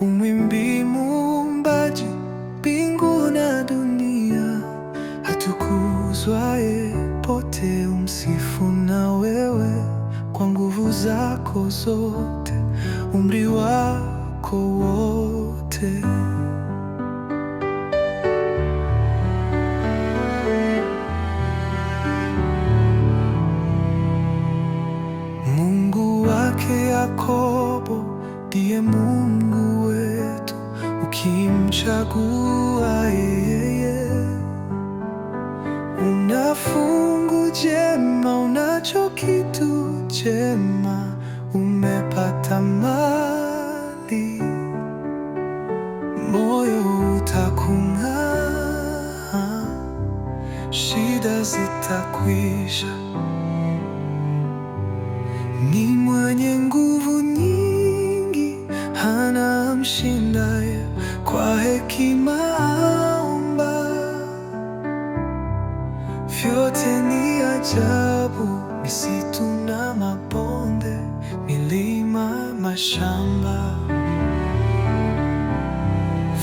umwimbi muumbaji mbingu na dunia, hatukuzwaye pote umsifu na wewe kwa nguvu zako zote, umri wako wote Mungu wake Yakobo ndiye Mungu ukimchagua yeye, una fungu jema, unacho kitu chema, umepata mali, moyo utakung'aa, shida zitakwisha, ni mwenye nguvu nyingi, hana mshindaye kwa hekima aumba, vyote ni ajabu. Misitu na mabonde, milima, mashamba,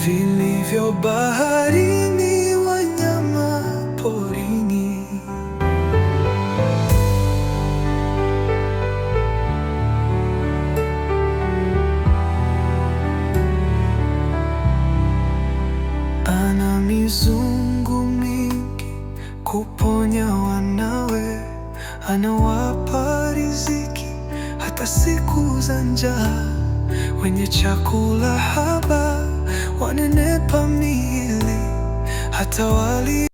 vilivyo bahari ana mizungu mingi kuponya wanawe, anawapa riziki hata siku za njaa, wenye chakula haba wanenepa miili hata wali